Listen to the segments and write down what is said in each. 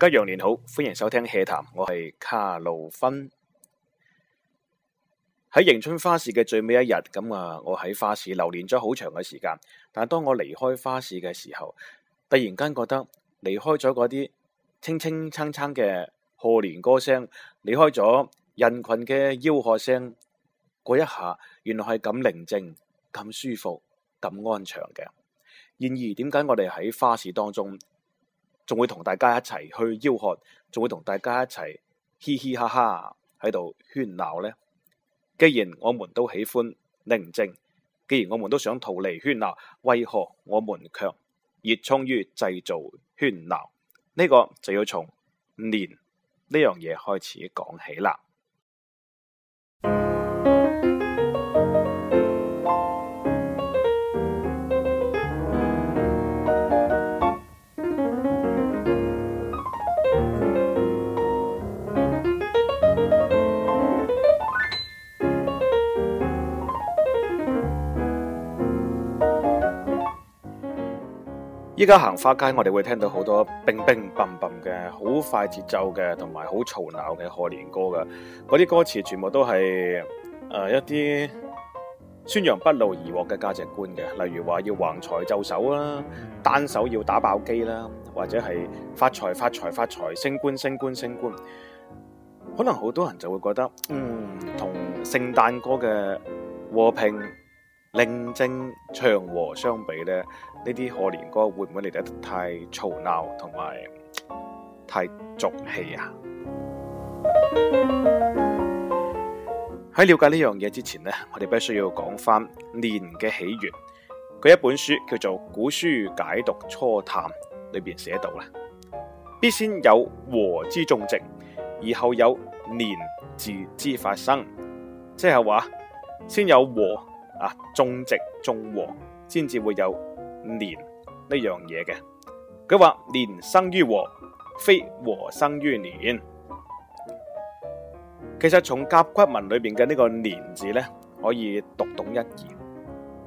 大家羊年好，歡迎收聽《謝談》，我係卡路芬。喺迎春花市嘅最尾一日，咁啊，我喺花市流連咗好長嘅時間。但係當我離開花市嘅時候，突然間覺得離開咗嗰啲清清撐撐嘅賀年歌聲，離開咗人群嘅吆喝聲，嗰一下，原來係咁寧靜、咁舒服、咁安詳嘅。然而，點解我哋喺花市當中？仲會同大家一齊去吆喝，仲會同大家一齊嘻嘻哈哈喺度喧鬧呢？既然我們都喜歡寧靜，既然我們都想逃離喧鬧，為何我們卻熱衷於製造喧鬧？呢個就要從年呢樣嘢開始講起啦。依家行花街，我哋會聽到好多乒乒乓乓嘅好快節奏嘅，同埋好嘈鬧嘅賀年歌㗎。嗰啲歌詞全部都係誒、呃、一啲宣揚不勞而獲嘅價值觀嘅，例如話要橫財就手啦，單手要打爆機啦，或者係發財發財發財、升官升官升官。可能好多人就會覺得，嗯，同聖誕歌嘅和平寧靜祥和相比咧，呢啲賀年歌會唔會嚟得太嘈鬧同埋太俗氣啊？喺了解呢樣嘢之前呢，我哋必須要講返年嘅起源。佢一本書叫做《古書解讀初探》，裏邊寫到啦，必先有和之種植，而後有年字之發生，即係話先有和。啊，種植種禾，先至會有年呢樣嘢嘅。佢話年生於禾，非禾生於年。其實從甲骨文裏邊嘅呢個年字咧，可以讀懂一言。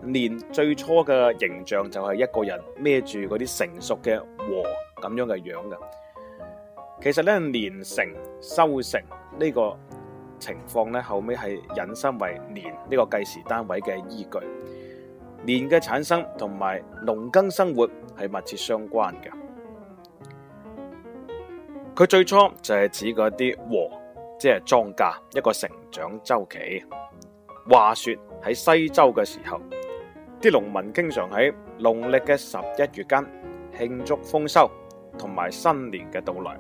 年最初嘅形象就係一個人孭住嗰啲成熟嘅禾咁樣嘅樣嘅。其實咧，年成收成呢個情況呢，後尾係引申為年呢個計時單位嘅依據。年嘅產生同埋農耕生活係密切相關嘅。佢最初就係指嗰啲禾，即係莊稼一個成長週期。話說喺西周嘅時候，啲農民經常喺農曆嘅十一月間慶祝豐收同埋新年嘅到來。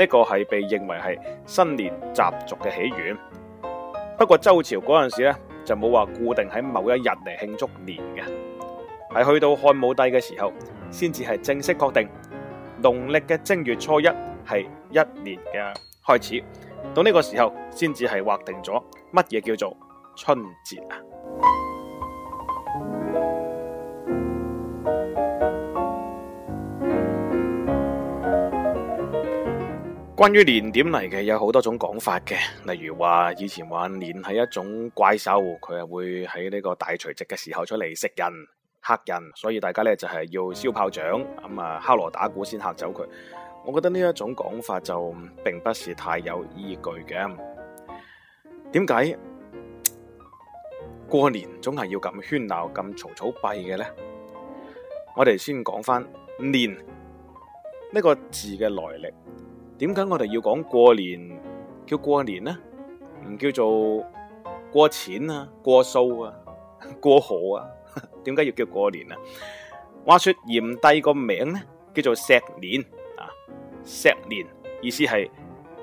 呢個係被認為係新年習俗嘅起源，不過周朝嗰陣時呢就冇話固定喺某一日嚟慶祝年嘅，係去到漢武帝嘅時候，先至係正式確定農曆嘅正月初一係一年嘅開始，到呢個時候先至係劃定咗乜嘢叫做春節啊。關於年點嚟嘅，有好多種講法嘅，例如話以前話年係一種怪獸，佢係會喺呢個大除夕嘅時候出嚟食人、嚇人，所以大家呢就係要燒炮仗，咁啊敲鑼打鼓先嚇走佢。我覺得呢一種講法就並不是太有依據嘅。點解過年總係要咁喧鬧、咁嘈嘈閉嘅呢？我哋先講翻年呢個字嘅來歷。點解我哋要講過年叫過年呢？唔叫做過錢啊、過數啊、過河啊？點 解要叫過年啊？話說炎帝個名呢，叫做石年啊，石年意思係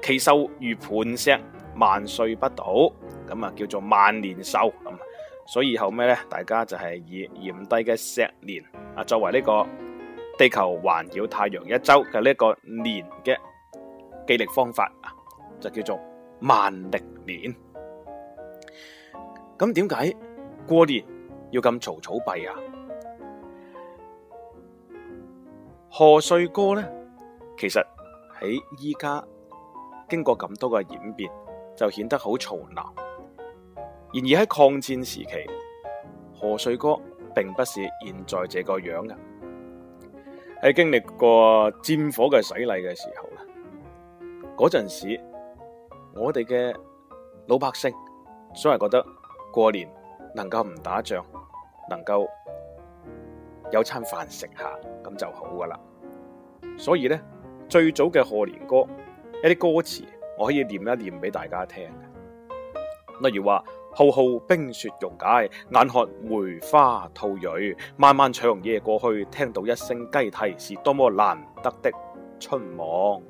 其壽如磐石，萬歲不倒，咁啊叫做萬年壽。咁、啊、所以後尾咧，大家就係以炎帝嘅石年啊作為呢個地球環繞太陽一周嘅呢個年嘅，記力方法啊，就叫做萬曆年。咁點解過年要咁嘈嘈閉啊？賀歲歌呢？其實喺依家經過咁多嘅演變，就顯得好嘈鬧。然而喺抗戰時期，賀歲歌並不是現在這個樣啊。喺經歷過戰火嘅洗禮嘅時候。嗰陣時，我哋嘅老百姓，雖然覺得過年能夠唔打仗，能夠有餐飯食下，咁就好噶啦。所以咧，最早嘅賀年歌一啲歌詞，我可以念一念俾大家聽。例如話：浩浩冰雪溶解，眼看梅花吐蕊，漫漫長夜過去，聽到一聲雞啼，是多麼難得的春望。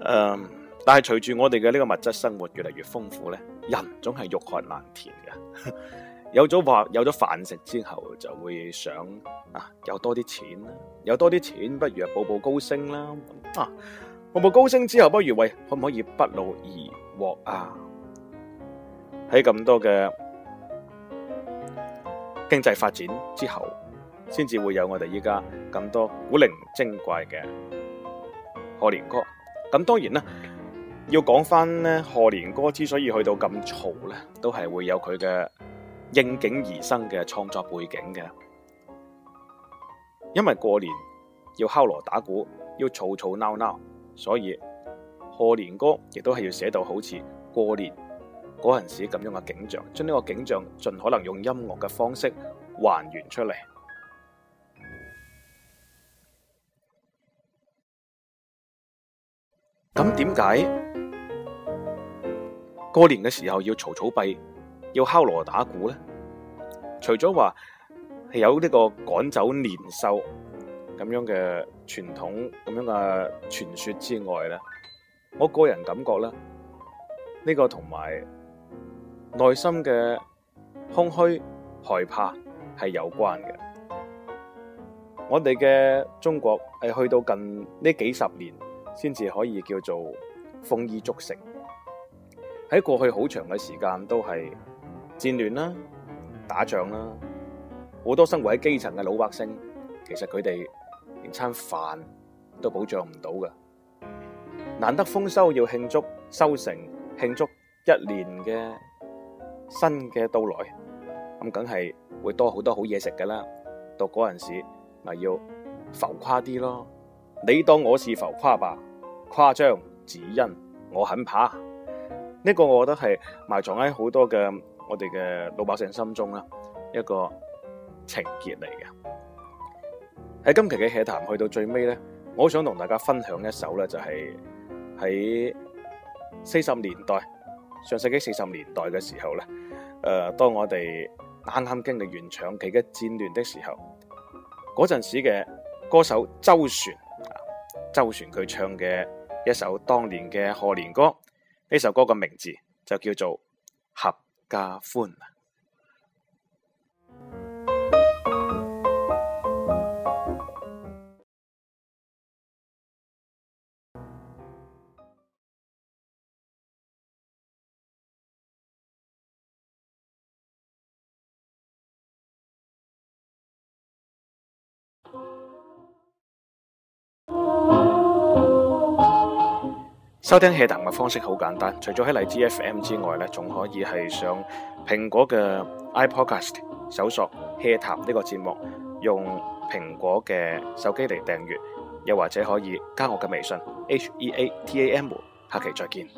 誒、嗯，但係隨住我哋嘅呢個物質生活越嚟越豐富咧，人總係欲壑難填嘅。 有咗話有咗飯食之後，就會想啊，有多啲錢啦，有多啲錢，不如步步高升啦。啊，步步高升之後，不如喂，可唔可以不勞而獲啊？喺咁多嘅經濟發展之後，先至會有我哋依家咁多古靈精怪嘅賀年歌。咁當然啦，要講返咧，賀年歌之所以去到咁嘈咧，都係會有佢嘅應景而生嘅創作背景嘅。因為過年要敲鑼打鼓，要嘈嘈鬧鬧，所以賀年歌亦都係要寫到好似過年嗰陣時咁樣嘅景象，將呢個景象盡可能用音樂嘅方式還原出嚟。咁點解過年嘅時候要嘈嘈閉，要敲鑼打鼓咧？除咗話係有呢個趕走年獸咁樣嘅傳統咁樣嘅傳說之外咧，我個人感覺咧，呢個同埋內心嘅空虛、害怕係有關嘅。我哋嘅中國係去到近呢幾十年。先至可以叫做豐衣足食。喺過去好長嘅時間都係戰亂啦、打仗啦，好多生活喺基層嘅老百姓，其實佢哋連餐飯都保障唔到噶。難得豐收要慶祝收成，慶祝一年嘅新嘅到來，咁梗係會多好多好嘢食噶啦。到嗰陣時咪要浮誇啲咯。你當我是浮誇吧，誇張？只因我很怕呢、呢個，我覺得係埋藏喺好多嘅我哋嘅老百姓心中啦，一個情結嚟嘅。喺今期嘅戲談去到最尾咧，我想同大家分享一首咧，就係喺四十年代上世紀四十年代嘅時候咧。誒、呃，當我哋啱啱經歷完長期嘅戰亂的時候，嗰陣時嘅歌手周璇。周璇佢唱嘅一首當年嘅賀年歌，呢首歌嘅名字就叫做《合家歡》。收聽 heat 談嘅方式好簡單，除咗喺荔枝 FM 之外咧，仲可以係上蘋果嘅 iPodcast，搜索 heat 談呢個節目，用蘋果嘅手機嚟訂閱，又或者可以加我嘅微信 heatam，下期再見。